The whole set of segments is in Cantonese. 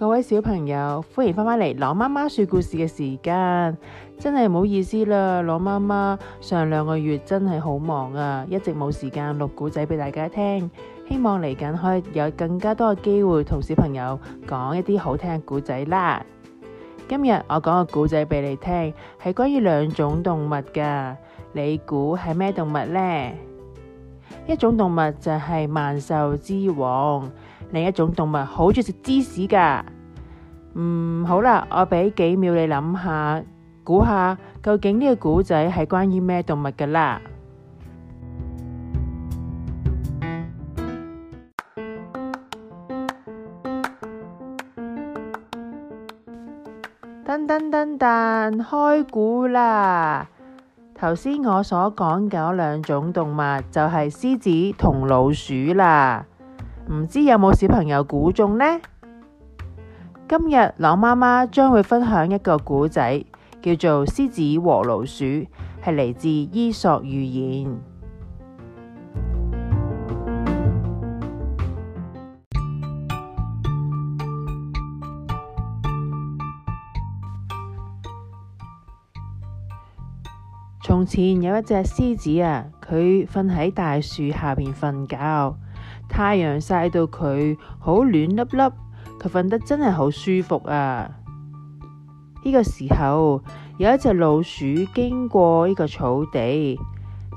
各位小朋友，歡迎返返嚟《攞媽媽說故事》嘅時間，真係唔好意思啦，攞媽媽上兩個月真係好忙啊，一直冇時間錄故仔俾大家聽。希望嚟緊可以有更加多嘅機會同小朋友講一啲好聽嘅故仔啦。今日我講個故仔俾你聽，係關於兩種動物噶，你估係咩動物呢？一種動物就係萬獸之王。另一種動物好鍾意食芝士噶，嗯，好啦，我俾幾秒你諗下，估下究竟呢個故仔係關於咩動物噶啦？噔噔噔噔，開估啦！頭先我所講嘅兩種動物就係、是、獅子同老鼠啦。唔知有冇小朋友估中呢？今日朗媽媽將會分享一個古仔，叫做《獅子和老鼠》，係嚟自伊索寓言。從前有一隻獅子啊，佢瞓喺大樹下面瞓覺。太陽曬到佢好暖粒粒，佢瞓得真係好舒服啊！呢個時候有一隻老鼠經過呢個草地，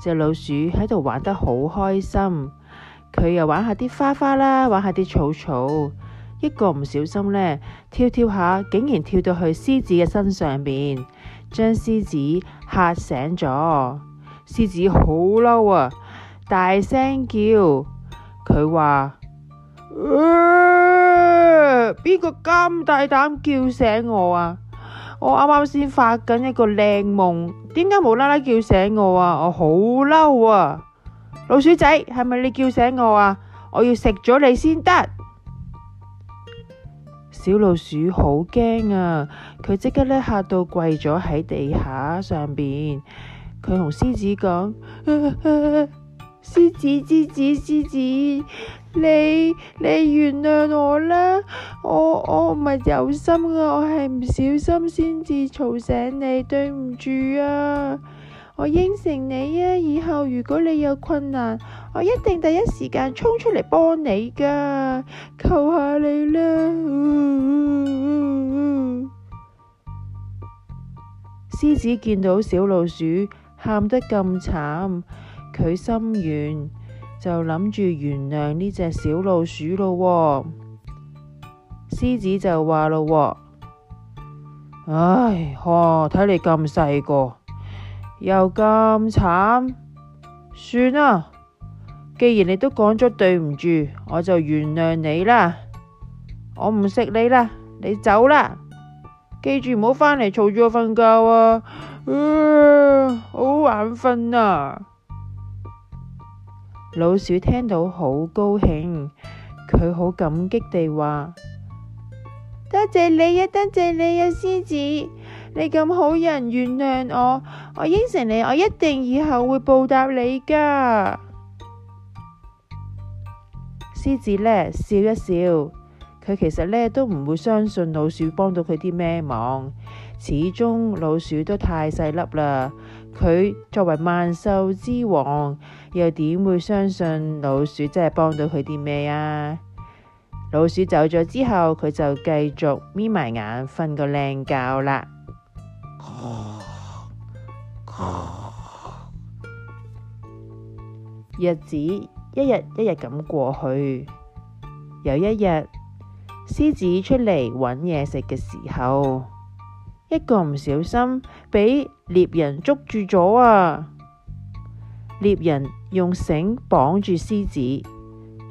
隻老鼠喺度玩得好開心，佢又玩下啲花花啦，玩下啲草草。一個唔小心呢，跳跳下竟然跳到去獅子嘅身上面，將獅子嚇醒咗。獅子好嬲啊，大聲叫。佢話：呃，邊個咁大膽叫醒我啊？我啱啱先發緊一個靚夢，點解冇啦啦叫醒我啊？我好嬲啊！老鼠仔，係咪你叫醒我啊？我要食咗你先得！小老鼠好驚啊！佢即刻咧吓到跪咗喺地下上邊。佢同獅子講。哈哈獅子，獅子，獅子，獅子，你你原諒我啦！我我唔係有心啊，我係唔小心先至吵醒你，對唔住啊！我應承你啊，以後如果你有困難，我一定第一時間衝出嚟幫你噶，求下你啦！獅、嗯嗯嗯嗯嗯、子見到小老鼠，喊得咁慘。佢心軟就諗住原諒呢隻小老鼠咯、哦。獅子就話咯、哦，唉，呵，睇你咁細個又咁慘，算啦。既然你都講咗對唔住，我就原諒你啦。我唔食你啦，你走啦。記住唔好返嚟嘈住我瞓覺啊！呃、好眼瞓啊！老鼠聽到好高興，佢好感激地話：多謝你啊，多謝你啊，獅子，你咁好人，原諒我，我應承你，我一定以後會報答你噶。獅子呢，笑一笑，佢其實呢都唔會相信老鼠幫到佢啲咩忙，始終老鼠都太細粒啦。佢作為萬獸之王，又點會相信老鼠真係幫到佢啲咩啊？老鼠走咗之後，佢就繼續眯埋眼瞓個靚覺啦。 日子一日一日咁過去，有一日，獅子出嚟搵嘢食嘅時候，一個唔小心俾獵人捉住咗啊！獵人用繩綁住獅子，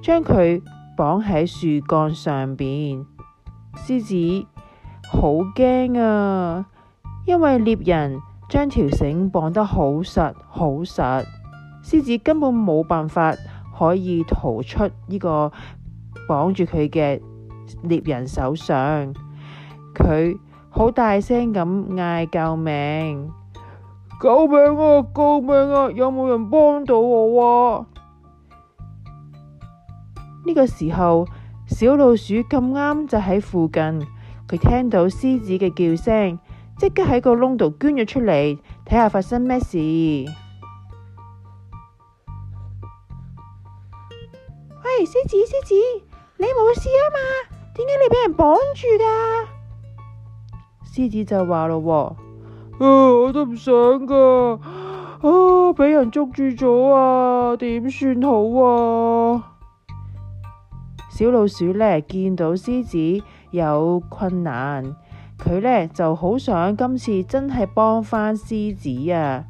將佢綁喺樹幹上邊。獅子好驚啊，因為獵人將條繩綁得好實好實，獅子根本冇辦法可以逃出呢個綁住佢嘅獵人手上，佢。好大聲咁嗌救命！救命啊！救命啊！有冇人幫到我啊？呢個時候，小老鼠咁啱就喺附近，佢聽到獅子嘅叫聲，即刻喺個窿度捐咗出嚟，睇下發生咩事。喂，獅子，獅子，你冇事啊嘛？點解你俾人綁住㗎？獅子就話咯，呃，我都唔想噶，啊，俾人捉住咗啊，點算好啊？小老鼠咧見到獅子有困難，佢咧就好想今次真係幫返獅子啊。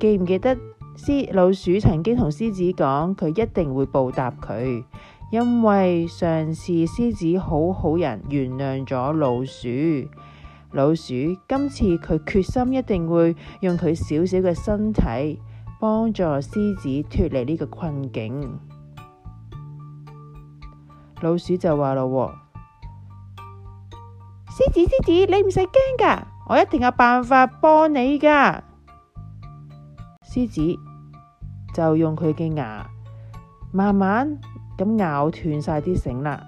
記唔記得，獅老鼠曾經同獅子講，佢一定會報答佢，因為上次獅子好好人，原諒咗老鼠。老鼠今次佢決心一定會用佢小小嘅身體幫助獅子脫離呢個困境。老鼠就話咯：獅子，獅子，你唔使驚㗎，我一定有辦法幫你㗎。獅子就用佢嘅牙慢慢咁咬斷晒啲繩啦，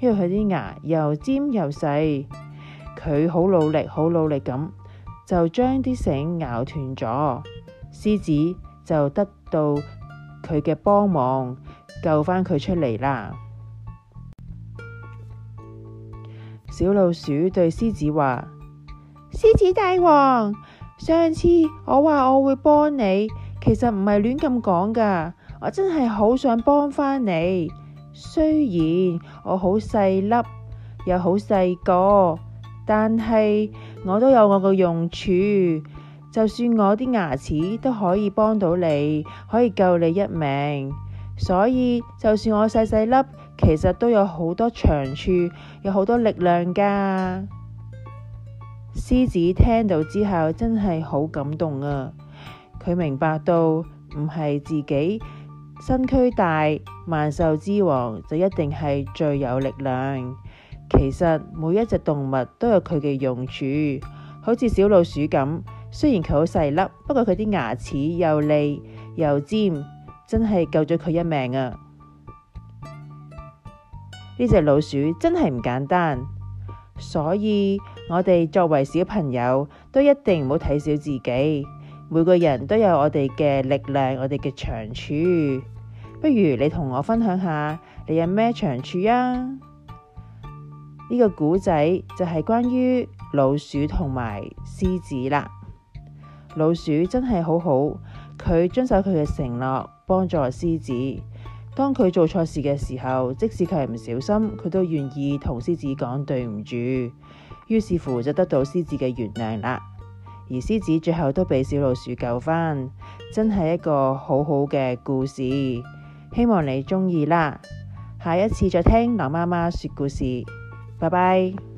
因為佢啲牙又尖又細。佢好努力，好努力咁就將啲繩咬斷咗，獅子就得到佢嘅幫忙救返佢出嚟啦。小老鼠對獅子話：獅子大王，上次我話我會幫你，其實唔係亂咁講噶，我真係好想幫返你。雖然我好細粒，又好細個。但係我都有我個用處，就算我啲牙齒都可以幫到你，可以救你一命。所以，就算我細細粒，其實都有好多長處，有好多力量㗎。獅子聽到之後真係好感動啊！佢明白到唔係自己身軀大，萬獸之王就一定係最有力量。其實每一隻動物都有佢嘅用處，好似小老鼠咁，雖然佢好細粒，不過佢啲牙齒又利又尖，真係救咗佢一命啊！呢隻老鼠真係唔簡單，所以我哋作為小朋友都一定唔好睇小自己，每個人都有我哋嘅力量，我哋嘅長處。不如你同我分享下，你有咩長處啊？呢個古仔就係關於老鼠同埋獅子啦。老鼠真係好好，佢遵守佢嘅承諾，幫助獅子。當佢做錯事嘅時候，即使佢係唔小心，佢都願意同獅子講對唔住。於是乎就得到獅子嘅原諒啦。而獅子最後都俾小老鼠救返，真係一個好好嘅故事。希望你中意啦。下一次再聽樂媽媽說故事。拜拜。